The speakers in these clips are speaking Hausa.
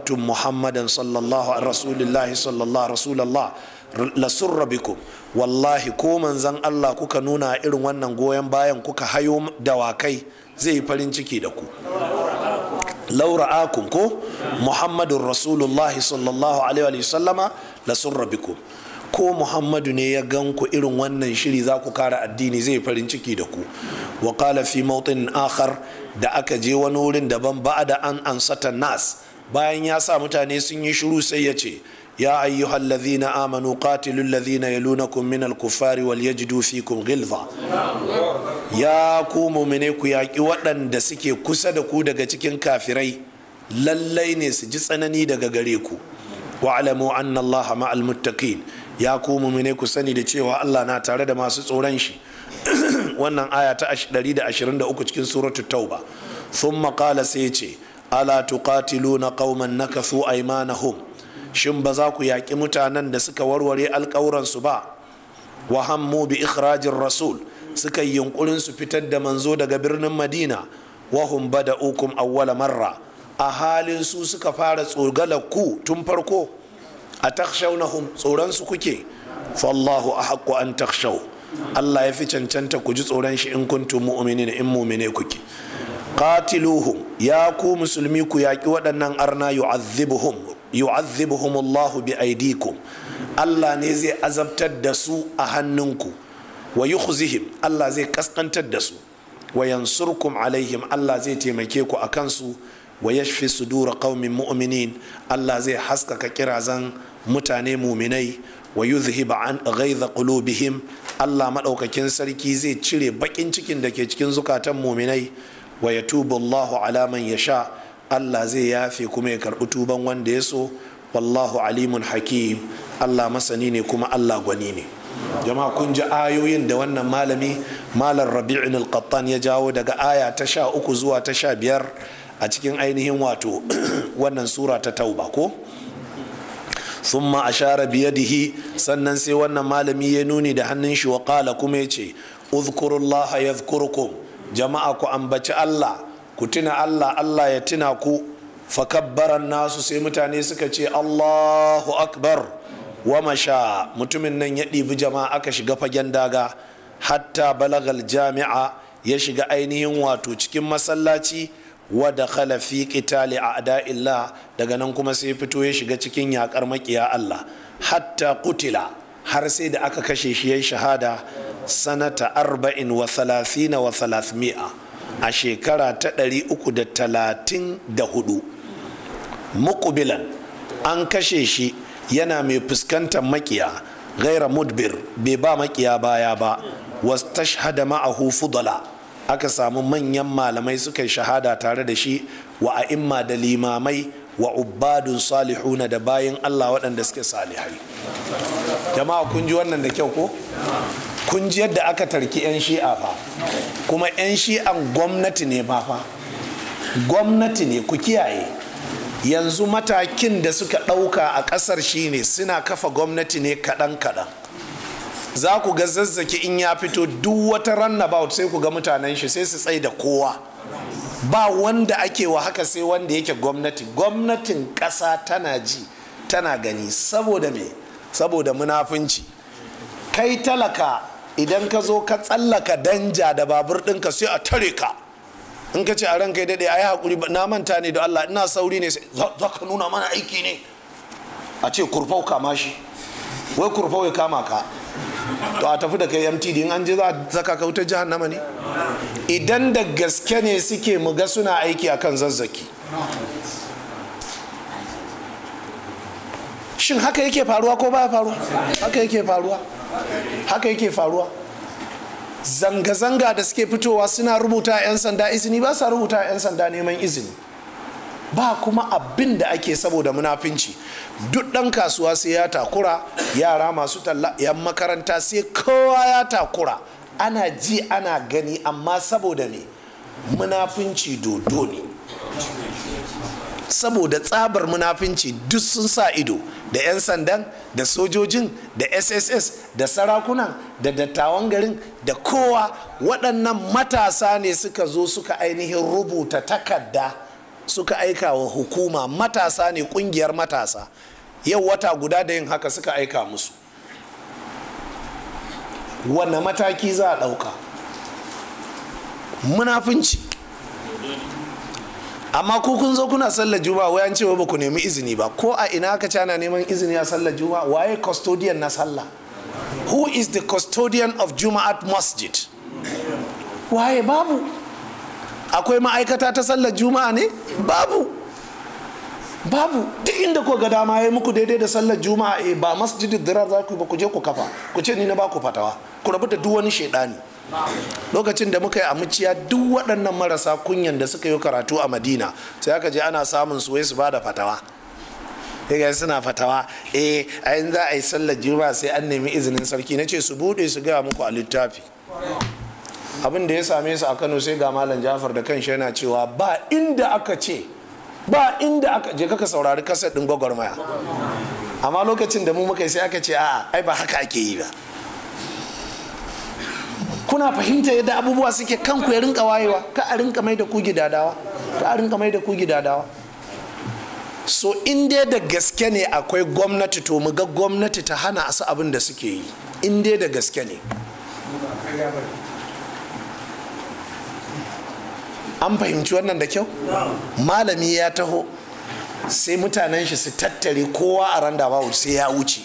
Tun Muhammadan sallallahu a Rasulullah sallallahu a Rasulullah lasurra biku wallahi ko manzan Allah kuka nuna a irin wannan goyon bayan kuka hayo dawakai zai yi farin ciki da ku. Laura Akun ko Muhammadun Rasulullah sallallahu a Rasulullah lasurra biku ko Muhammadu ne ya gan ku irin wannan shiri za ku kara addini zai yi farin ciki da ku. Wa kala fi da aka je wani wurin daban ba'a da an ansatan nas. bayan ya sa mutane sun yi shiru sai ya ce ya ayyuhal ladhina amanu qatilul ladhina yalunakum min al-kuffari wal yajidu fikum ghilza ya ku mu'mine ku yaƙi waɗanda suke kusa da ku daga cikin kafirai lallai ne su ji tsanani daga gare ku wa'lamu anna Allah ma'al muttaqin ya ku mu'mine ku sani da cewa Allah na tare da masu tsoron shi wannan aya ta 123 cikin suratul tauba thumma qala sai ce ala tuqatiluna qauman nakathu aymanahum shin ba za ku yaƙi mutanen da suka warware alƙawuransu ba wa hammu bi ikhrajir rasul suka yi yunkurin su fitar da manzo daga birnin madina wa hum bada'ukum awwala marra a halin su suka fara tsogalar ku tun farko a takshawnahum tsoron su kuke fallahu ahaqqu an takshaw Allah ya fi cancanta ku ji tsoron shi in kuntum mu'minin in mu'mine kuke qatiluhum ya ku musulmi ku yaƙi waɗannan arna yu'azzibuhum yu'azzibuhum Allah bi aidikum Allah ne zai azabtar da su a hannunku wa yukhzihim Allah zai kaskantar da su wa yansurkum alaihim Allah zai taimake ku a kansu wa yashfi sudura qaumin mu'minin Allah zai haskaka kirazan mutane muminai wa yuzhib an ghaidha qulubihim Allah maɗaukakin sarki zai cire baƙin cikin da ke cikin zukatan muminai wa ya tuba Allahu alaman ya sha Allah zai yafe kuma ya karɓi tuban wanda ya so wallahu alimun hakim Allah masani ne kuma Allah gwani ne jama'a kun ji ayoyin da wannan malami malar rabi'in al ya jawo daga aya ta sha uku zuwa ta sha biyar a cikin ainihin wato wannan sura ta tauba ko thumma ashara biyadihi sannan sai wannan malami ya nuni da hannun shi wa kuma ya ce uzkurullaha yadhkurukum jama'a ku ambaci Allah ku tuna Allah Allah ya tuna ku fakabbaran nasu sai mutane suka ce Allahu akbar wa masha mutumin nan ya ɗibi jama'a aka shiga fagen daga hatta balagal jami'a ya shiga ainihin wato cikin masallaci wa da fi Ada-Illa, daga nan kuma sai fito ya shiga cikin yakar makiya Allah hatta kutila har sai da aka kashe shi yayin shahada sanata arba'in wa thalathina wa thalathmi'a a shekara ta ɗari uku da talatin da hudu mukubilan an kashe shi yana mai fuskantar makiya gaira mudbir bai ba makiya baya ba tashada ma'ahu fudala aka samu manyan malamai suka yi shahada tare da shi wa a'imma da limamai wa ubbadun salihuna da bayan Allah waɗanda suke salihai jama'a kun ji wannan da kyau ko kun ji yadda aka tarki 'yan shi'a fa kuma 'yan shi'an gwamnati ne ba fa gwamnati ne ku kiyaye yanzu matakin da suka ɗauka a ƙasar shine suna kafa gwamnati ne kaɗan-kaɗan za ku ga zazzaki in ya fito duk wata runabout sai ku ga mutanen shi sai su tsai da kowa ba wanda ake wa haka sai wanda yake gwamnati gwamnatin ƙasa tana ji tana gani saboda me saboda munafunci kai talaka idan ka zo ka tsallaka danja da babur ɗinka sai a tare ka in ka ce a ranka daɗe a yi haƙuri na manta ne da Allah ina sauri ne za ka nuna mana aiki ne a ce kurfau kama shi wai kurfau ya kama ka to a tafi da kai mtd in an je za a zaka ka wutar jahannama ne idan da gaske ne suke mu ga suna aiki a kan zazzaki shin haka yake faruwa ko baya faruwa haka yake faruwa haka yake faruwa zanga-zanga da suke fitowa suna rubuta 'yan sanda izini ba sa rubuta 'yan sanda neman izini ba kuma abin da ake saboda munafinci duk ɗan kasuwa sai ya takura yara masu talla 'yan makaranta sai kowa ya takura ana ji ana gani amma saboda ne munafinci dodo ne saboda tsabar munafinci duk sun sa ido da 'yan sandan da sojojin da sss da sarakuna da dattawan garin da kowa waɗannan matasa ne suka zo suka ainihin rubuta takarda suka aika wa hukuma matasa ne ƙungiyar matasa yau wata guda da yin haka suka aika musu wanne mataki za a ɗauka munafunci amma ku kun zo kuna sallar juma'a wai an ce ba ku nemi izini ba ko a ina aka cana neman izini a sallar juma'a waye custodian na sallah who is the custodian of juma'at masjid waye babu akwai ma'aikata ta sallar juma'a ne babu babu duk inda ko ga dama ya muku daidai da sallar juma'a eh, ba masjidin dirar za ku ba ku je ku kafa ku ce ni na ba ku fatawa ku rabu da duk wani shaidani lokacin da muka yi amuciya duk waɗannan marasa kunyan da suka yi karatu a madina sai aka je ana samun su wai su ba da fatawa ga suna fatawa eh a za a yi sallar juma'a sai an nemi izinin sarki na ce su buɗe su gaya muku a littafi abin da ya same su a kano sai ga malam jafar da kanshi yana cewa ba inda aka ce ba inda aka je kaka saurari kasar ɗin gwagwarmaya amma lokacin da mu muka yi sai aka ce a'a ai ba haka ake yi ba kuna fahimta yadda abubuwa suke kanku ya rinka wayewa ka a rinka mai da ku gidadawa ka a rinka mai da ku gidadawa so in dai da gaske ne akwai gwamnati to mu ga gwamnati ta hana su abin da suke yi in dai da gaske ne an fahimci wannan da kyau malami ya taho sai mutanen shi su tattare kowa a randa sai ya wuce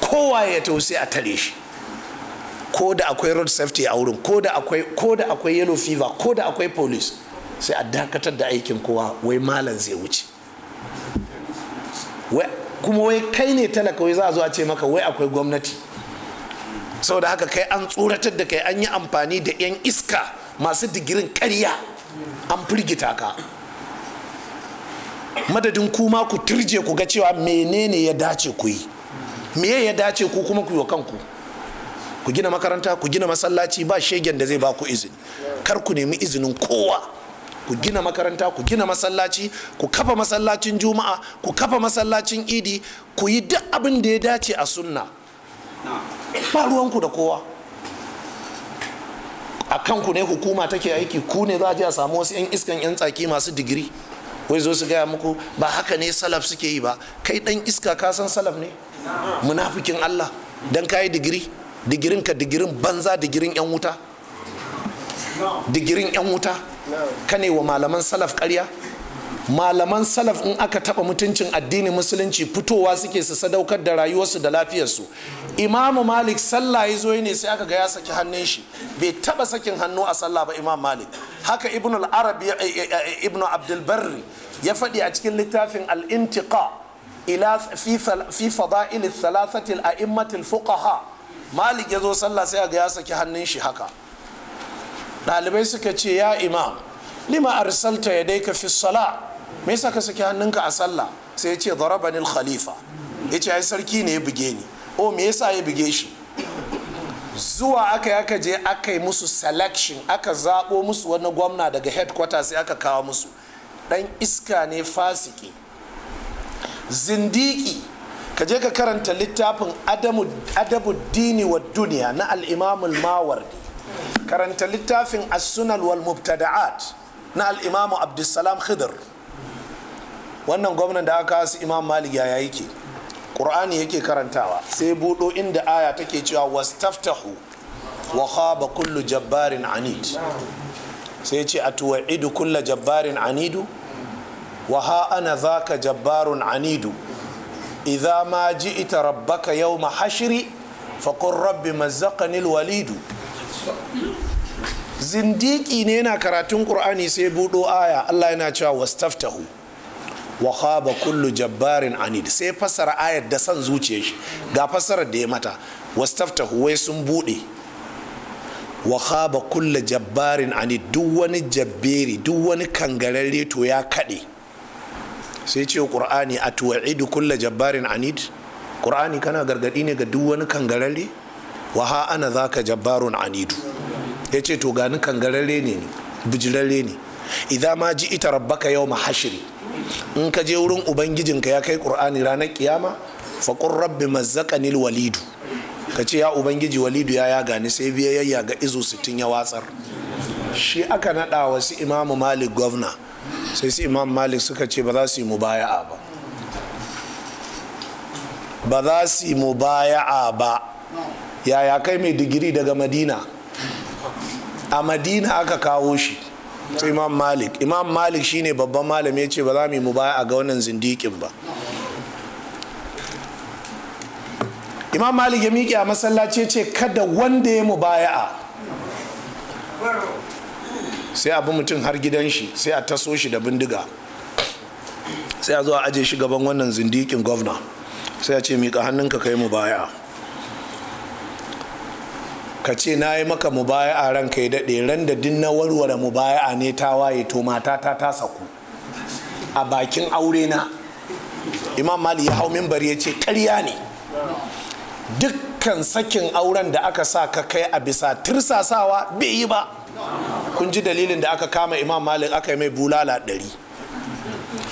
kowa ya taho sai a tare shi ko da akwai road safety a wurin ko da akwai ko da akwai yellow fever ko da akwai police sai a dakatar da aikin kowa wai malam zai wuce kuma wai kai ne talaka wai za a zo a ce maka wai akwai gwamnati saboda haka kai an tsoratar da kai an yi amfani da 'yan iska masu digirin karya an firgita ka madadin kuma ku turje ku ga cewa menene ya dace ku yi me ya dace ku kuma ku yi wa kanku ku gina makaranta ku gina masallaci ba shegen da zai ba ku izini kar ku nemi izinin kowa ku gina makaranta ku gina masallaci ku kafa masallacin juma'a ku kafa masallacin idi ku yi duk abin da ya dace a sunna ba ruwanku da kowa a kanku ne hukuma take aiki ku ne za a je a samu wasu 'yan iskan 'yan tsaki masu digiri wai zo su gaya muku ba haka ne salaf suke yi ba kai dan iska ka san salaf ne munafikin allah dan kayi digiri digirin ka digirin banza digirin yan wuta digirin yan wuta ka ne wa malaman salaf karya malaman salaf in aka taɓa mutuncin addinin musulunci fitowa suke su sadaukar da rayuwarsu da lafiyarsu imamu malik sallah ya zo ne sai aka ga ya saki hannun shi bai taɓa sakin hannu a sallah ba imam malik haka ibn al-arab eh, eh, eh, ibn abdul ya faɗi a cikin littafin al-intiqa ila fi fada'il thalathati al-a'immatil fuqaha malik ya zo sallah sai ga ya saki hannun shi haka ɗalibai suka ce ya imam lima arsalta ya dai ka fi sala me yasa ka saki hannunka a sallah sai ya ce darabani khalifa ya ce ai sarki ne ya buge ni o oh, me yasa ya buge shi zuwa aka yi aka je aka yi musu selection aka zaɓo musu wani gwamna daga headquarters sai aka kawo musu dan iska ne fasiki zindiki ka je ka karanta littafin adabu dini wa duniya na al'imamul mawardi karanta littafin as-sunan wal mubtada'at na al'imamu abdulsalam khidr wannan gwamnan da aka su imam malik ya yake ƙur'ani yake karantawa sai buɗo inda aya take cewa wastaftahu wa khaba kullu jabbarin anid sai ce a tuwa'idu kulla jabbarin anidu wa ha ana zaka jabbarun anidu idza ma ji'ta rabbaka yawma hashri fakon rabbi mazzaqani walidu. zindiki ne yana karatun qur'ani sai budo aya Allah yana cewa wastaftahu wa khaba kullu jabbarin anid sai fassara ayar da san zuciyar shi ga fassarar da ya mata wastaftahu wai sun bude wa khaba kullu jabbarin anid duk wani jabberi duk wani kangararre to ya kade sai ce qur'ani atu'idu kulla jabbarin anid qur'ani kana gargaɗi ne ga duk wani kangararre wa ha ana ka jabbarun anidu Ya ce to gani kangararre ne ni bijirarre ne idan ma ji ita rabbaka yau mahashiri in ka je wurin ubangijinka ya kai qur'ani ranar kiyama faƙon rabbi mazzaƙanil walidu ka ce ya ubangiji walidu ya ya gani sai biyayya ga izo sittin ya watsar shi aka naɗa wasu imamu malik gwamna sai su imam malik suka ce ba za su yi mubaya'a ba ba za su yi mubaya'a ba yaya kai mai digiri daga madina a madina aka kawo shi sai imam malik imam malik shine babban malam ya ce ba za mu yi mu baya'a ga wannan zindikin ba imam malik ya miƙe a masallaci ya ce kada wanda ya mu mubaya'a sai a bi mutum har gidan shi sai a taso shi da bindiga sai a zo a aje shi gaban wannan zindikin gwamna sai a ce mika hannunka kai mu baya ka ce na yi maka mu baya a ran kai daɗe ran da din na warware mu baya a ne ta waye to mata ta ta saku a bakin aure na imam mali ya hau mimbar ya ce karya ne dukkan sakin auren da aka sa ka kai a bisa tirsasawa bai yi ba kun ji dalilin da aka kama imam malik aka yi mai bulala ɗari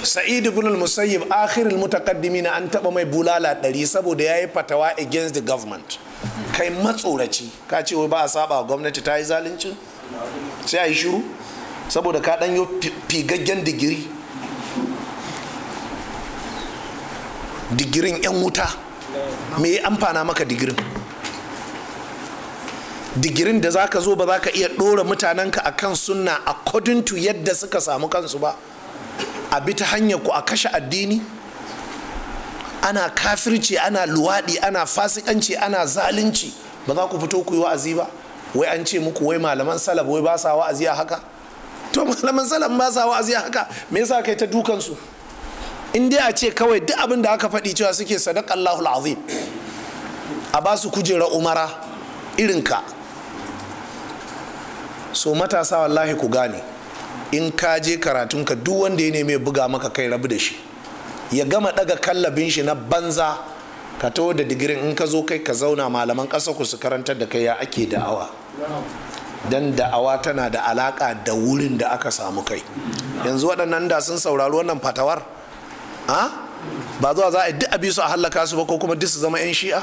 sa'idu ibn al-musayyib akhirul na an taba mai bulala ɗari saboda ya yi fatawa against the government kai matsoraci ka ce wai ba a saba wa gwamnati ta yi zalunci sai a yi shiru saboda ka dan yi figaggen digiri digirin yan wuta me amfana maka digirin digirin da zaka zo ba za ka iya ɗora mutanenka a kan sunna according to yadda suka samu kansu ba a bi ta hanyar ku a kashe addini ana kafirci ana luwaɗi ana fasikanci ana zalunci ba za ku fito ku yi wa'azi ba wai an ce muku wai malaman salaf wai ba sa wa'azi a haka to malaman salaf ba sa wa'azi a haka me yasa kai ta dukansu in dai a ce kawai duk abin da aka faɗi cewa suke sadaqallahul azim a ba su kujera umara irinka so matasa wallahi ku gane in ka je ka duk wanda ya neme buga maka kai rabu da shi ya gama daga kallabin shi na banza ka taho da digirin in ka zo kai ka zauna malaman ƙasa ku su karantar da kai ya ake da'awa dan da'awa tana da alaƙa da wurin da aka samu kai yanzu waɗannan da sun saurari wannan fatawar ba zuwa za a duk abisu su a hallaka su ba ko kuma duk su zama 'yan shi'a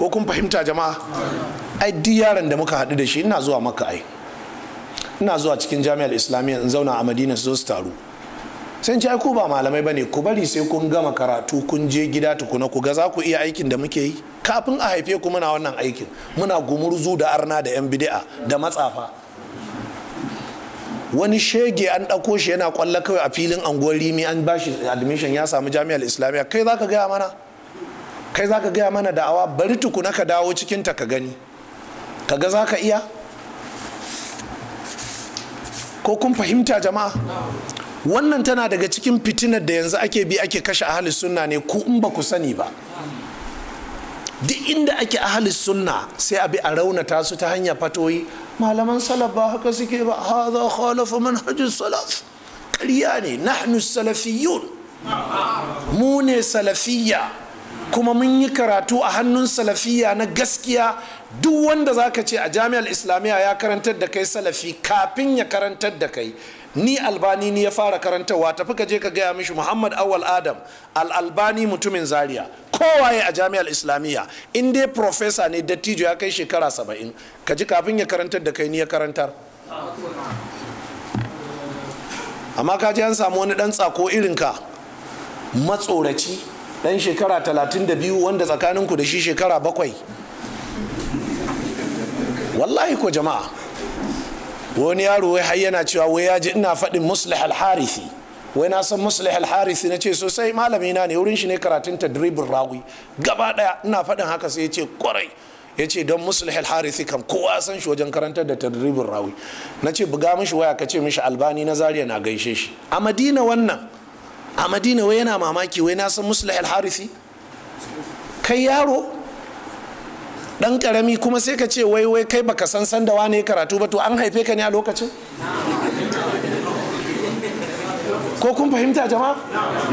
ko kun fahimta jama'a ai duk yaron da muka haɗu da shi ina zuwa maka ai ina zuwa cikin jami'ar islamiyya in zauna a madina su zo su taru sai ce ai ku ba malamai bane ku bari sai kun gama karatu kun je gida tukuna ku ga za ku iya aikin da muke yi kafin a haife ku muna wannan aikin muna gumurzu da arna da yan bidi'a da matsafa wani shege an ɗauko shi yana kwallo kawai a filin anguwar rimi an bashi admission ya samu jami'ar islamiyya kai za ka gaya mana kai za ka gaya mana da'awa bari tukuna ka dawo cikinta ka gani ka ga za ka iya ko kun fahimta jama'a wannan tana daga cikin fitinar da yanzu ake bi ake kashe ahalis sunna ne ku in ba ku sani ba duk inda ake ahalis sunna sai a bi a raunata su ta hanyar fatoyi malaman salaf ba haka suke ba hadha khalafa manhajus salaf kariya ne nahnu salafiyun mu ne salafiyya kuma mun yi karatu a hannun salafiya na gaskiya duk wanda za ka ce a jami'ar islamiyya ya karantar da kai salafi kafin ya karantar da kai ni albani ni ya fara karantarwa tafi ka je ka gaya mishi muhammad awal adam al-albani mutumin zaria kowaye a jami'ar islamiyya in dai profesa ne dattijo ya kai shekara saba'in ka ji kafin ya karantar da kai ni ya karantar amma ka ji an samu wani dan tsako irinka matsoraci dan shekara 32 wanda tsakaninku da shi shekara bakwai wallahi ko jama'a wani yaro wai har yana cewa wai ya ji ina faɗin muslih al harisi wai na san muslih al harisi na ce sosai malami na ne wurin shi ne karatun dribbin rawi gaba ɗaya ina faɗin haka sai ya ce kwarai ya ce don muslih al harisi kam kowa san shi wajen karantar da tadribin rawi na ce buga mishi waya ka ce mishi albani na Zariya na gaishe shi a madina wannan a madina wai yana mamaki wai na san musulai al kai yaro dan karami kuma sai ka ce wai wai kai baka san san da wane karatu ba to an haife ka ne a lokacin ko kun fahimta jama'a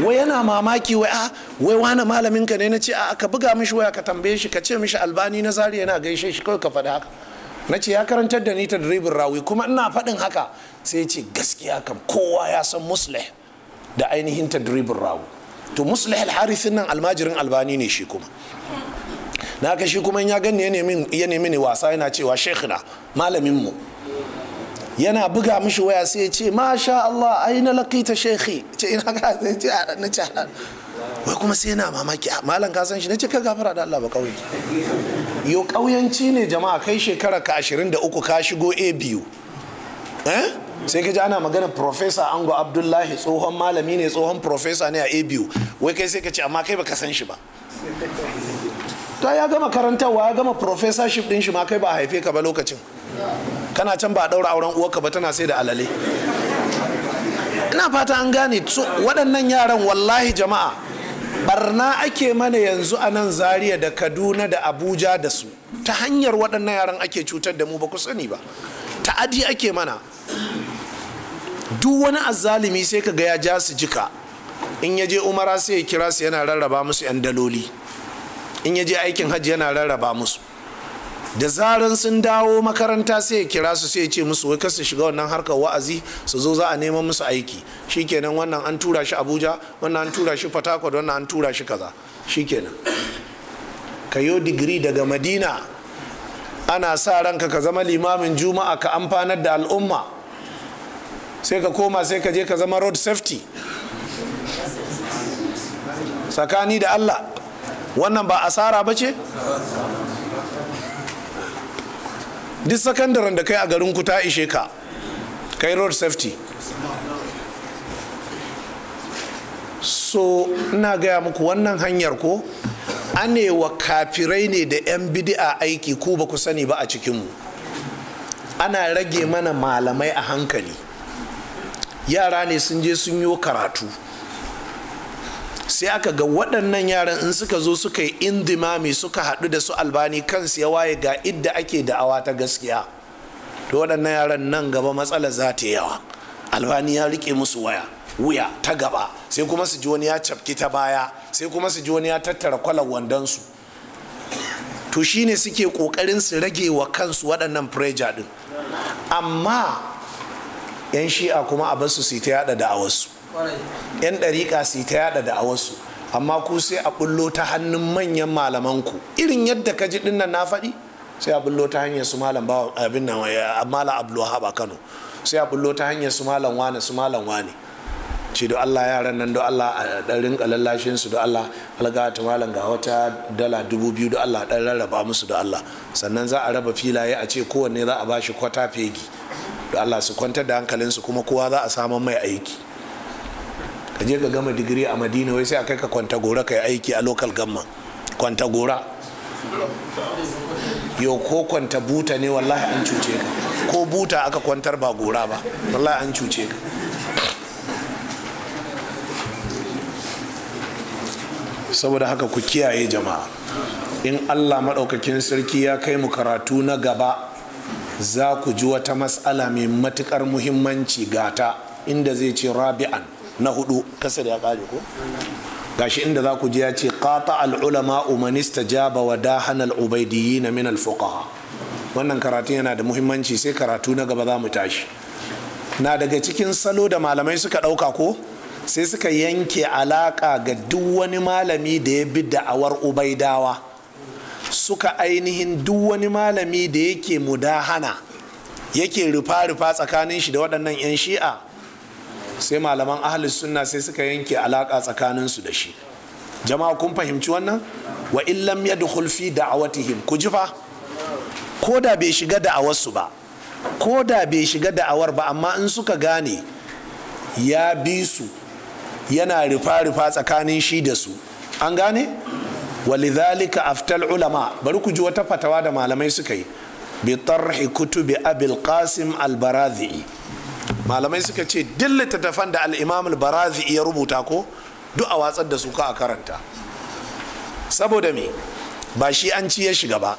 wai yana mamaki wai a ah, wai wani malamin ka ne na ce a ka buga mishi waya ka tambaye shi ka ce mishi albani na zari yana gaishe shi kawai ka faɗa haka na ce ya karantar da ni ta direbin rawi kuma ina faɗin haka sai ce gaskiya kam kowa ya san musulun da ainihin tadribin rawu to muslih al-harisin nan almajirin albani ne shi kuma na ka shi kuma ya gani ya nemi ne wasa yana cewa shekhina malaminmu yana buga mishi waya sai ya ce masha Allah ai na laqita shekhi ce ina ka ce na ce wai kuma sai yana mamaki malam ka san shi nace ka gafara da Allah ba kauye yo kauyanci ne jama'a kai shekara ka 23 ka shigo A biyu eh sai ka ji ana magana profesa ango abdullahi tsohon malami ne tsohon profesa ne a abu wai kai sai ka ce amma kai baka san shi ba ta ya gama karantarwa ya gama profesa shi din shi ma kai ba haife ka ba lokacin kana can ba a ɗaura auren uwarka ba tana sai da alale ina fata an gane waɗannan yaran wallahi jama'a barna ake mana yanzu a nan Zariya da kaduna da abuja da su ta hanyar waɗannan yaran ake cutar da mu ba ku sani ba ta'adi ake mana duk wani azzalumi sai ka ga ya ja su jika in ya je umara sai ya kira su yana rarraba musu 'yan daloli in ya je aikin hajji yana rarraba musu da zaran sun dawo makaranta sai ya kira su sai ya ce musu wai su shiga wannan harkar wa'azi su zo za a neman musu aiki shikenan wannan an tura shi abuja wannan an tura shi fatakwad wannan an tura shi kaza shikenan ka yo digiri daga madina ana sa ranka ka zama limamin juma'a ka amfanar da al'umma sai ka koma sai ka je ka zama road safety tsakani da allah wannan ba asara ba ce duk sakandaren da kai a garin ku ta ishe ka kai road safety so ina gaya muku wannan hanyar ko anewa kafirai ne da 'yan bidi'a aiki ku ba ku sani ba a cikinmu ana rage mana malamai a hankali yara ne sun je sun yi karatu sai aka ga waɗannan yaran in suka zo suka yi indimami suka haɗu da su albani kansu ya waye ga idda ake da'awa ta gaskiya to waɗannan yaran nan gaba matsala za ta yawa albani ya rike musu waya wuya ta gaba sai kuma su ji wani ya cafki ta baya sai kuma su ji wani ya tattara kwalar wandonsu to shine suke ƙoƙarin su rage wa kansu waɗannan preja ɗin amma yan shi'a kuma a basu su ta yada da'awarsu yan ɗariƙa su ta yada da'awarsu amma ku sai a bullo ta hannun manyan malamanku irin yadda ka ji dinnan na faɗi sai a bullo ta hanyar su malam abin nan eh, malam kano sai a bullo ta hanyar su malam wane su malam wane ce do Allah yaran nan do Allah a dan rinka lallashin su do Allah alga ta malam ga wata dala dubu biyu do Allah dan rarraba musu do Allah sannan za a raba filaye a ce kowanne za a bashi kwata fegi do Allah su kwantar da hankalin su kuma kowa za a samu mai aiki ka je ka gama digiri a Madina wai sai a kai ka kwanta gora kai aiki a local gamma kwanta gora yo ko kwanta buta ne wallahi an cuce ka ko buta aka kwantar ba gora ba wallahi an cuce ka saboda haka ku kiyaye jama'a in allah maɗaukakin sarki ya kai mu karatu na gaba za ku ji wata matsala mai matukar muhimmanci gata inda zai ce rabi'an na hudu kasa ya ƙari ko gashi inda za ku ji ya ce qata al'ulama umanista jaba wa dahan al'ubaidiyi na min alfuqaha wannan karatu yana da muhimmanci sai karatu na gaba za mu tashi na daga cikin salo da malamai suka ɗauka ko sai suka yanke alaka ga duk wani malami da ya bi da'awar ubaidawa suka ainihin duk wani malami da yake mudahana yake rufa-rufa tsakanin shi da waɗannan 'yan shi'a sai malaman ahalus sunna sai suka yanke alaka tsakaninsu da shi jama'a kun fahimci wannan wa illam da fi da'awatihim ku ji fa ko da bai shiga da da'awarsu ba ko da bai shiga da'awar ba amma in suka gane ya bi su yana rufa-rufa tsakanin shi da su an gane walidhalika aftal ulama bari ku ji wata fatawa da malamai suka yi bi tarhi kutubi abil qasim al barazi malamai suka ce duk littattafan da al-imam al barazi ya rubuta ko duk a watsar da su ka a karanta saboda me ba shi an ci ya shiga ba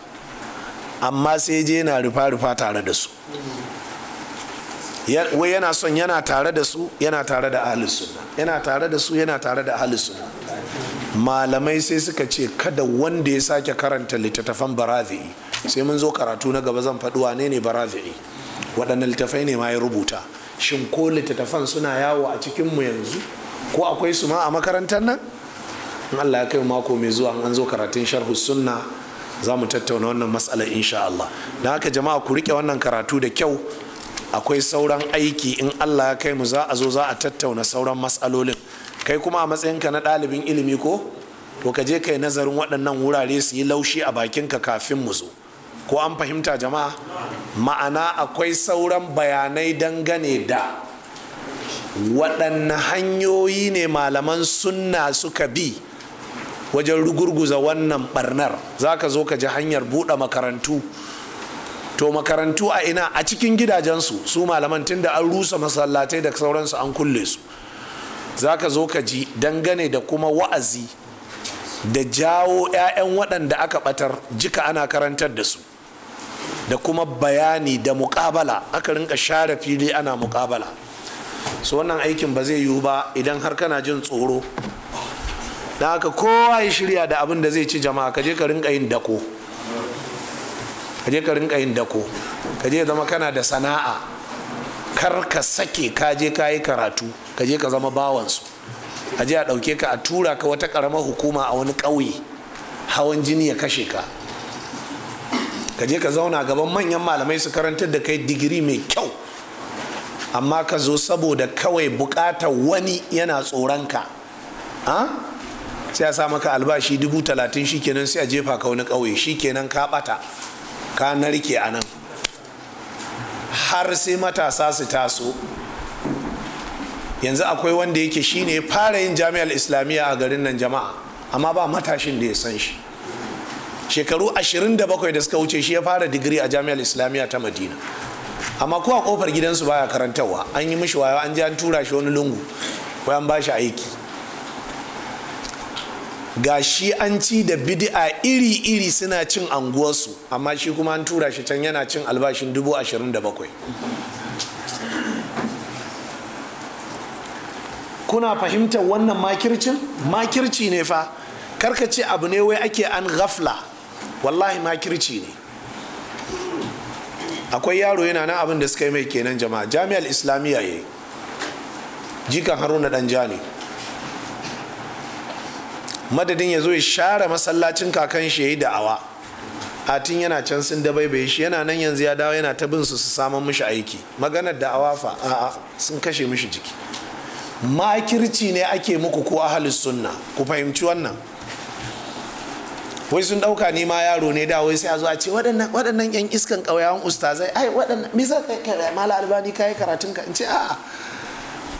amma sai je na rufa-rufa tare da su wai yana son yana tare da su yana tare da ahlus sunna yana tare da su yana tare da ahlus sunna malamai sai suka ce kada wanda ya sake karanta littattafan barazi'i sai mun zo karatu na gaba zan faɗi wane ne barazi'i waɗannan littattafai ne ma ya rubuta shin ko littattafan suna yawo a cikin mu yanzu ko akwai su ma a makarantar nan in Allah ya kai mako mai zuwa an zo karatun sharhu sunna za mu tattauna wannan matsala insha Allah don haka jama'a ku rike wannan karatu da kyau akwai sauran aiki in allah ya kai mu za a zo za a tattauna sauran matsalolin kai kuma a matsayinka na ɗalibin ilimi ko to ka je kai nazarin waɗannan wurare su yi laushi a bakinka kafin mu zo ko an fahimta jama'a ma'ana akwai sauran bayanai dangane da waɗanne hanyoyi ne malaman sunna suka bi wajen rugurguza wannan ɓarnar? za ka zo ka ji hanyar buɗe makarantu to makarantu a ina a cikin gidajensu su malaman tun da an rusa masallatai da sauransu an kulle su za ka zo ka ji dangane da kuma wa'azi da jawo 'ya'yan waɗanda aka ɓatar jika ana karantar da su da kuma bayani da muƙabala aka rinka share fili ana muƙabala su wannan aikin ba zai yiwu ba idan har kana jin tsoro da aka kowa ya shirya da abin da zai ci jama'a ka je ka rinka yin dako kaje ka rinka yin dako ka je zama kana da sana'a kar ka sake kaje je ka yi karatu kaje ka zama bawansu a je a ɗauke ka a tura ka wata ƙaramar hukuma a wani ƙauye hawan jini ya kashe ka ka je ka zauna gaban manyan malamai su karantar da kai digiri mai kyau amma ka zo saboda kawai buƙatar wani yana tsoron ka sai a sa maka albashi dubu talatin shikenan sai a jefa ka wani ƙauye shi shikenan ka ɓata ka narke a nan har sai matasa su taso yanzu akwai wanda yake shine ya fara yin jami'ar islamiyya a garin nan jama'a amma ba matashin da ya san shi shekaru 27 da suka wuce shi ya fara digiri a jami'ar islamiyya ta madina amma ko a kofar gidansu baya karantarwa an yi mishi wayo an ji an tura shi wani lungu ko an ba shi aiki ga shi an ci da bid'a iri-iri suna cin anguwarsu amma shi kuma an tura shi can yana cin albashin dubu ashirin da bakwai kuna fahimtar wannan makircin makirci ne fa karka ce abu ne wai ake an gafla wallahi makirci ne akwai yaro yana nan abin da suka yi mai kenan jama'a jami'ar islamiyya ya yi jikan haruna ɗanja ne madadin ya zo ya share masallacin kakan shi ya yi da'awa tun yana can sun da bai shi yana nan yanzu ya dawo yana ta bin su su samun mishi aiki maganar da'awa fa a'a sun kashe mishi jiki makirci ne ake muku ko ahalus sunna ku fahimci wannan wai sun dauka ni ma yaro ne da wai sai a zo a ce waɗannan waɗannan yan iskan ƙauyawan ustazai ai waɗannan misa kai kai mala albani kai karatun ka in ce a'a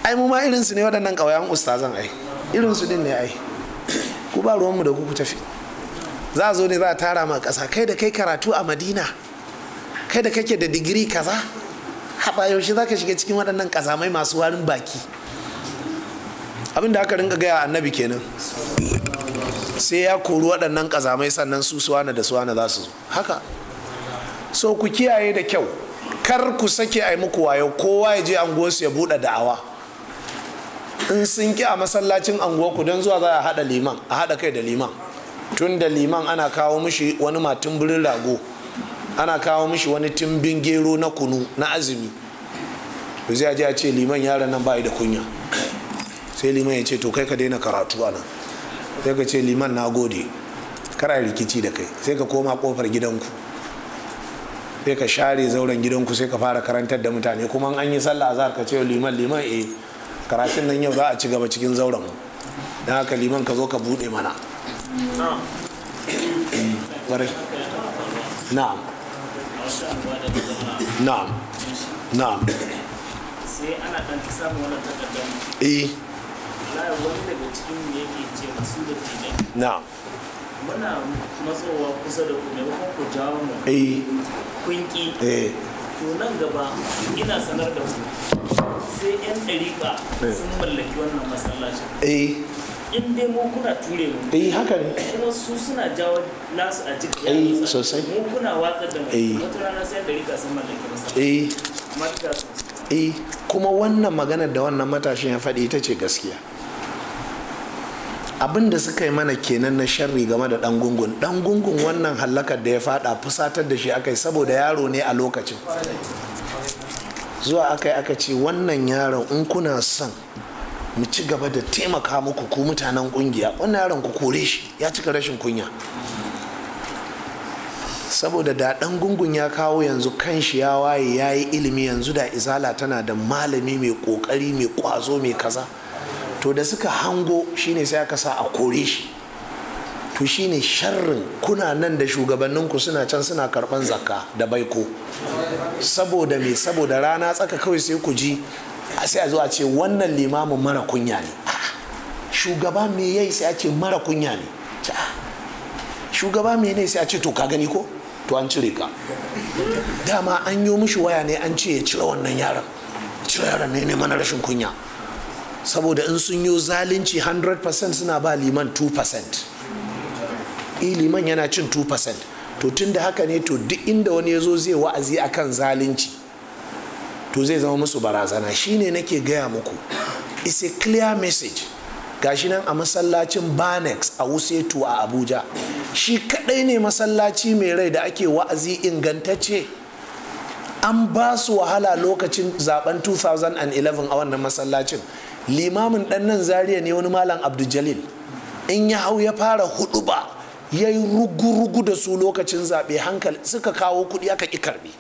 ai mu ma irin su ne waɗannan ƙauyawan ustazan ai irin su din ne ai ku ba ruwanmu da ku tafi za a zo ne za a tara ma ƙasa kai da kai karatu a madina kai da kake da digiri kaza haɓa yaushe za ka shiga cikin waɗannan ƙazamai masu warin baki abin da aka rinka gaya annabi kenan sai ya kori waɗannan ƙazamai sannan su suwana da suwana za su haka so ku kiyaye da kyau kar ku sake a yi muku wayo kowa ya je su ya buɗe da'awa in sun ki a masallacin anguwarku don zuwa za a haɗa liman a haɗa kai da liman tun da liman ana kawo mishi wani matin birin rago ana kawo mishi wani timbin gero na kunu na azumi to zai ji a ce liman yaran nan bai da kunya sai liman ya ce to kai ka daina karatu a nan sai ka ce liman na gode kara rikici da kai sai ka koma kofar gidanku sai ka share zauren gidanku sai ka fara karantar da mutane kuma an yi sallah azhar ka ce liman liman eh karatun nan yau za a ci gaba cikin zauren mu da haka liman ka zo ka bude mana na'am na'am na'am sai ana dan wannan takardar muna matsowa kusa da ku ne mu eh kun eh to nan gaba ina sanar da ku sai yan ɗariƙa eh. sun mallaki wannan masallacin eh in dai mu kuna ture mu eh haka ne kuma su suna jawo nasu a cikin eh, yanayi sosai mu kuna watsar da mu eh. wata rana sai da sun mallaki masallacin eh eh kuma wannan magana da wannan matashin ya faɗi ita ce gaskiya abin da suka yi mana kenan na sharri game da dan gungun dan gungun wannan hallakar da ya fada fusatar da shi akai saboda yaro ne a lokacin zuwa akai aka ce wannan yaron in kuna son mu ci gaba da taimaka muku ku mutanen kungiya wannan yaron ku kore shi ya cika rashin kunya saboda da dan gungun ya kawo yanzu kan shi ya waye ya yi ilimi yanzu da izala tana da malami mai kokari mai kwazo mai kaza to da suka hango shine sai aka sa a kore shi to shine sharrin kuna nan da shugabanninku suna can suna karban zakka da baiko saboda me saboda rana tsaka kawai sai ku ji sai a zo a ce wannan limamin mara kunya ne shugaba me yayi sai a ce mara kunya ne shugaba me ne sai a ce to ka gani ko to an cire ka dama an yi mishi waya ne an ce ya cire wannan yaron cire yaron ne ne mana rashin kunya saboda in sun yi zalunci 100% suna ba liman 2% e liman yana cin 2% to tun da haka ne to duk inda wani ya zo zai wa'azi a kan zalunci to zai zama musu barazana shine nake gaya muku it's a clear message gashi nan a masallacin banex a wusetu a abuja shi kadai ne masallaci mai rai da ake wa'azi ingantacce an ba su wahala lokacin zaben 2011 a wannan masallacin limamin ɗan nan zariya ne wani malam abdul in ya hau ya fara hudu ba ya yi rugu-rugu da su lokacin zaɓe hankali suka kawo kuɗi aka ƙi karɓi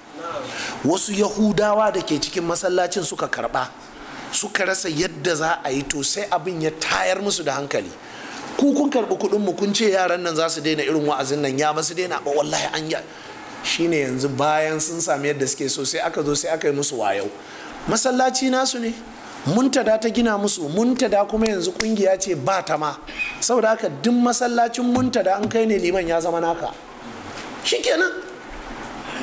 wasu yahudawa da ke cikin masallacin suka karɓa suka rasa yadda za a yi to sai abin ya tayar musu da hankali ku kun karɓi kuɗin mu kun ce yaran nan za su daina irin wa'azin nan ya masu daina ba wallahi an ya shine yanzu bayan sun sami yadda suke so sai aka zo sai aka yi musu wayau. masallaci nasu ne muntada ta gina musu muntada kuma yanzu kungiya ce ba ta ma saboda haka duk masallacin muntada an kai ne liman ya zama naka shikenan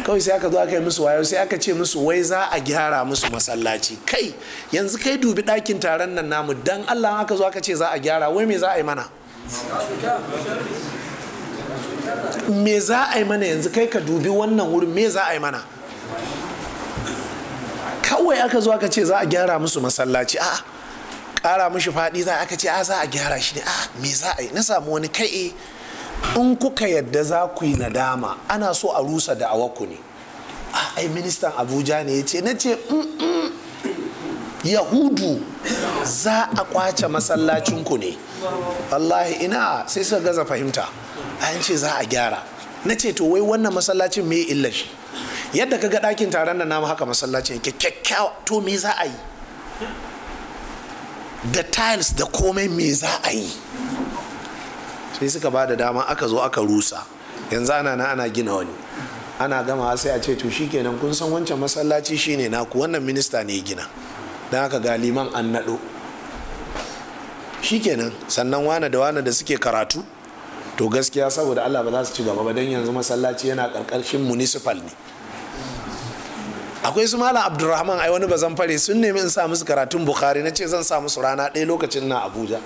kawai sai aka zo aka yi musu wayo sai aka ce musu wai za a gyara musu masallaci kai yanzu kai dubi ɗakin taron nan namu dan allah aka zo aka ce za a gyara wai me za a yi mana me za a yi mana yanzu kai ka dubi wannan wurin me za a yi mana kawai aka zo aka ce za a gyara musu masallaci a kara mushi faɗi za aka ce a za a gyara shi ne a me za a yi na samu wani kai eh, in kuka yadda za ku yi nadama ana so a rusa da awaku ne a ai ministan abuja ne ya ce na ce mm, mm, yahudu za a kwace masallacinku ne wallahi ina sai suka gaza fahimta an ce za a gyara na ce to wai wannan masallacin me illa shi yadda ka ga ɗakin taron nan namu haka masallacin ne kyakkyawa to me za a yi da tiles da komai me za a yi sai suka ba da dama aka zo aka rusa yanzu ana na ana gina wani ana gama sai a ce to kenan kun san wancan masallaci shine naku wannan minista ne gina don haka ga liman an naɗo shikenan sannan wane da wane da suke karatu to gaskiya saboda allah ba za su ci gaba ba don yanzu masallaci yana ƙarƙashin municipal ne akwai su malam abdurrahman ai wani bazan fare sun nemi in sa musu karatun bukhari na ce zan sa musu rana ɗaya lokacin na abuja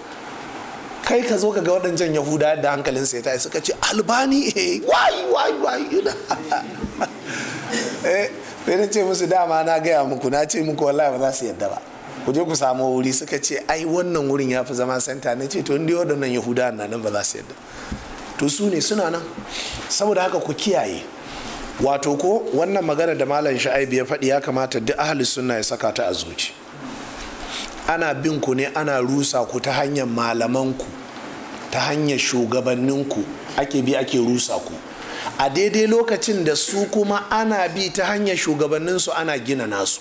kai ka zo ka ga waɗancan yahuda da hankalin sai ta suka ce albani eh, wai wai wai eh sai na ce musu dama na gaya muku na ce muku wallahi ba za su yadda ba ku je ku samu wuri suka ce ai wannan wurin ya fi zama santa na ce to inda waɗannan yahuda na nan ba za su yadda to su ne suna nan saboda haka ku kiyaye wato ko wannan magana da malam sha'ib ya faɗi ya kamata duk ahli sunna ya saka ta a zuci ana bin ku ne ana rusa ku ta hanyar malamanku ta hanyar shugabanninku ake bi ake rusa ku a daidai lokacin da su kuma ana bi ta hanyar shugabanninsu ana gina nasu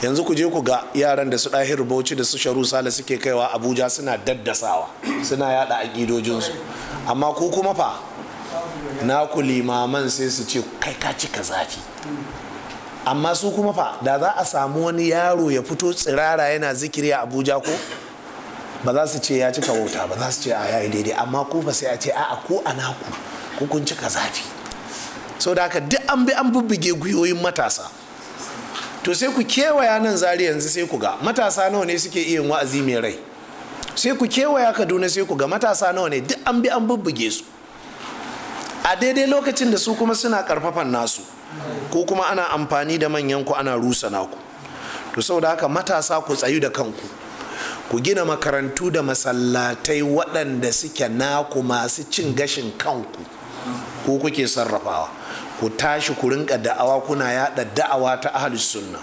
yanzu ku je ku ga yaran da su ɗahir bauchi da su sharu sale suke kaiwa abuja suna daddasawa suna yada aƙidojinsu amma ku kuma fa Na naku limaman sai su ce kai ka cika zafi amma su kuma fa da za a samu wani yaro ya fito tsirara yana zikiri a abuja ko ba za su ce ya cika wauta ba za su ce a yayi daidai amma ku ba sai a ce a'a ko a naku ku kun cika zafi so da haka duk an bi an bubbuge gwiwoyin matasa to sai ku kewaya nan zari yanzu sai ku ga matasa nawa ne suke iya wa'azi mai rai sai ku kewaya kaduna sai ku ga matasa nawa ne duk an bi an bubbuge su a daidai lokacin da su kuma suna karfafan nasu ko kuma ana amfani da manyan ku ana rusa naku to saboda haka matasa ku tsayu da kanku ku gina makarantu da masallatai waɗanda suke naku masu cin gashin kanku ko kuke sarrafawa ku tashi ku rinka da'awa kuna yada da'awa ta ahlus sunna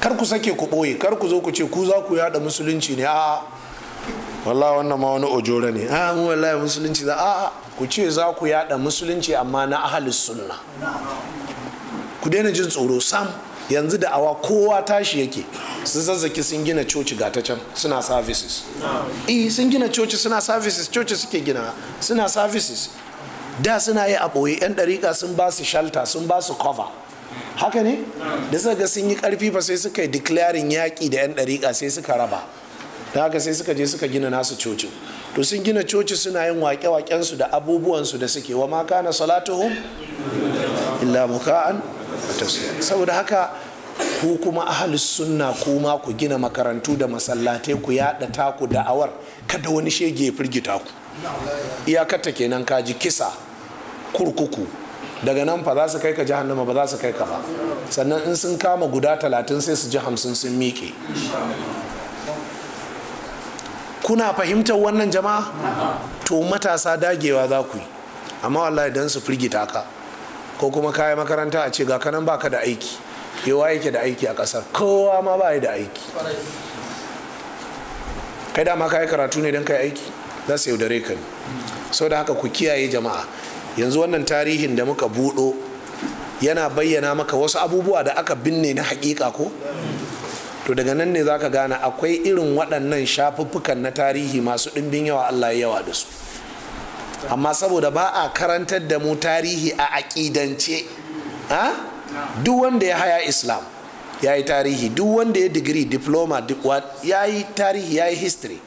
kar ku sake ku ɓoye kar ku zo ku ce ku za ku yada musulunci ne a wallah wannan ma wani ojora ne a wallahi musulunci za a ku ce za ku yada musulunci amma na ahalis sunna ku daina jin tsoro sam yanzu da awa kowa tashi yake su zazzaki sun gina coci ga ta can suna services eh sun gina coci suna services coci suke gina suna services da suna yi a ɓoye 'yan ɗariƙa sun ba su shelter sun ba su cover haka ne da suka ga sun yi ƙarfi fa sai suka yi declaring yaƙi da 'yan ɗariƙa sai suka raba da haka sai suka je suka gina nasu cocin to sun gina coci suna yin waƙe-waƙensu da abubuwansu da suke wa ma kana salatuhum illa muka'an saboda haka ku kuma ahalus sunna kuma ku gina makarantu da masallatai ku yaɗa taku da awar kada wani shege ya firgita ku iyakarta kenan kaji kisa kurkuku daga nan fa za su kai ka jahannama ba za su kai ka ba sannan in sun kama guda talatin sai su ji hamsin sun miƙe kuna fahimtar wannan jama'a to matasa dagewa za ku yi amma wallahi don su firgita ka ko kuma kaya makaranta a ce ga kanan baka da aiki yawa yake da aiki a ƙasar kowa ma ba da aiki kai dama ka yi karatu ne don kai aiki za su yaudare ka ne sau da haka ku kiyaye jama'a yanzu wannan tarihin da muka buɗo yana bayyana maka wasu abubuwa da aka binne na hakika ko to daga nan ne zaka gane akwai irin waɗannan shafuffukan na tarihi masu ɗimbin yawa Allah ya yawa da su amma saboda ba a karantar da mu tarihi a aƙidance duk wanda ya haya islam ya yi tarihi duk wanda ya digiri diploma ya yi tarihi ya yi history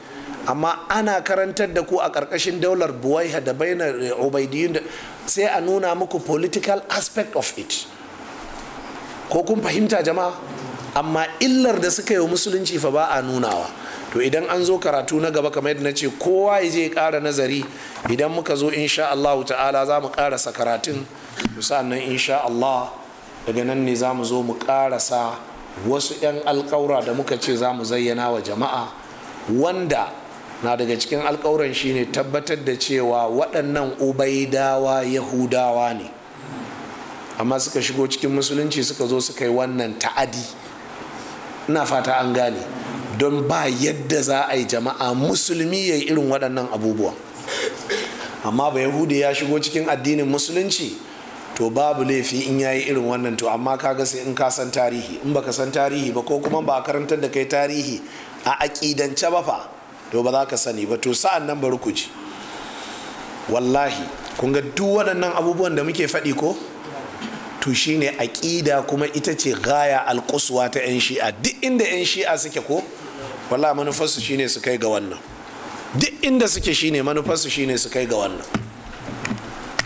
amma ana karantar da ku a ƙarƙashin daular buwaiha da bainar eh, ubaidiyun sai a nuna muku political aspect of it ko kun fahimta jama'a amma illar da suka yi musulunci fa ba a nunawa to idan an zo karatu na gaba kamar yadda na ce kowa ya je ƙara nazari idan muka zo insha Allah ta'ala za mu ƙarasa karatun sannan insha Allah daga nan ne za mu zo mu karasa wasu 'yan alƙawura da muka ce za mu zayyana wa jama'a wanda na daga cikin alƙawuran shine tabbatar da cewa waɗannan ubaidawa yahudawa ne amma suka shigo cikin musulunci suka zo suka yi wannan ta'adi ina fata an gane don ba yadda za a yi jama'a musulmi ya yi irin waɗannan abubuwa amma ba yahudi ya shigo cikin addinin musulunci to babu laifi in ya yi irin wannan to amma kaga sai in ka san tarihi in baka san tarihi ba ko kuma ba a karantar da kai tarihi a aƙidance ba fa to ba za ka sani ba to sa'an nan bari ku ji wallahi kun ga duk waɗannan abubuwan da muke faɗi ko to shine aƙida kuma ita ce gaya alƙuswa ta 'yan shi'a duk inda 'yan shi'a suke ko wala manufarsu shine su kai ga wannan duk inda suke shine manufarsu shine su kai ga wannan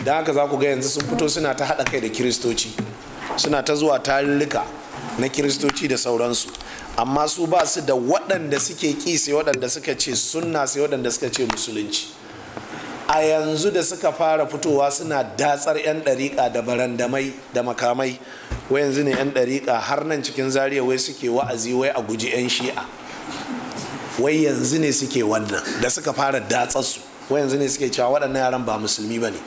don haka za ku ga yanzu sun fito suna ta haɗa kai da kiristoci suna ta zuwa tarurruka na kiristoci da sauransu amma su ba su da waɗanda suke ƙi sai waɗanda suka ce sunna sai waɗanda suka ce musulunci a yanzu da suka fara fitowa suna datsar 'yan ɗariƙa da barandamai da makamai wai yanzu ne 'yan ɗariƙa har nan cikin zariya wai suke wa'azi wai a guji 'yan shi'a wai yanzu ne suke wannan da suka fara datsar su wai yanzu ne suke cewa waɗannan yaran ba musulmi ba ne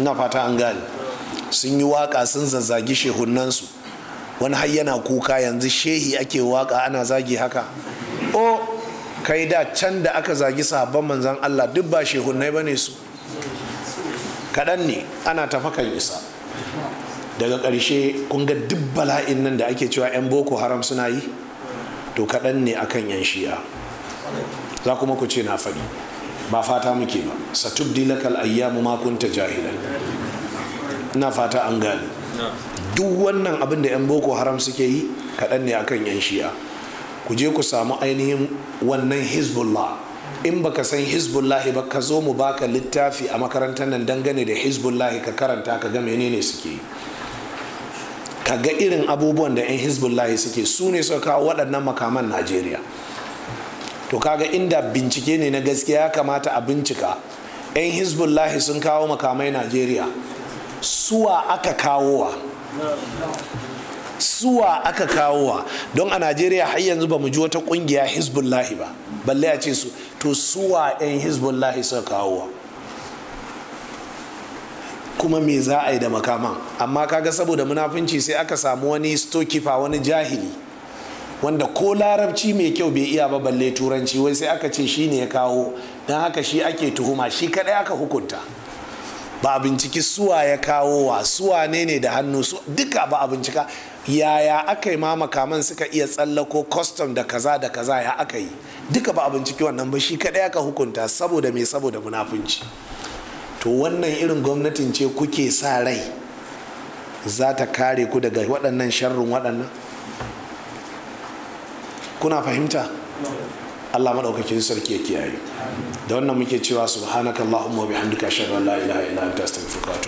ina fata an gane sun yi waka sun zazzagi shehunansu wani har yana kuka yanzu shehi ake waka ana zagi haka Oh. kai da can da aka zagi sahabban manzan Allah duk ba ba bane su kaɗan ne ana tafakan isa daga ƙarshe kun ga duk bala'in nan da ake cewa 'yan boko haram suna yi to kaɗan ne akan 'yan shiya. za kuma ku ce na faɗi ba fata muke ba satubdi lakal ayyamu ma kunta jahilan ina fata an gani. duk wannan abin da 'yan boko haram suke yi kaɗan ne akan 'yan shiya. ku je ku samu ainihin wannan hezbollah in baka san hezbollah ba ka zo mu baka littafi a makarantar nan dangane da hezbollah ka karanta ka ga menene suke ka ga irin abubuwan da 'yan hezbollah suke su ne suka kawo waɗannan makaman najeriya to kaga inda bincike ne na gaskiya ya kamata a bincika 'yan hezbollah sun kawo makamai najeriya suwa aka kawowa suwa aka kawowa don a najeriya har yanzu ba mu ji wata kungiya hizbullahi ba balle a ce su to suwa 'yan hizbullahi suka kawowa kuma me za a yi da makaman amma kaga saboda munafunci sai aka samu wani stokifa wani jahili wanda ko larabci mai kyau bai iya ba balle turanci wai sai aka ce shi ne ya kawo don haka shi ake tuhuma shi kadai aka hukunta ba a binciki suwa ya kawo wa suwa ne ne da hannu duka ba a bincika yaya aka yi ma makaman suka iya tsallako custom da kaza da kaza ya aka yi duka ba a binciki wannan ba shi kaɗai aka hukunta saboda me saboda munafunci to wannan irin gwamnatin ce kuke sa rai za ta kare ku daga waɗannan sharrin waɗannan kuna fahimta Allah maɗaukakin sarki ya kiyaye da wannan muke cewa subhanakallahumma wa bihamdika ashhadu an la ilaha illa anta astaghfiruka wa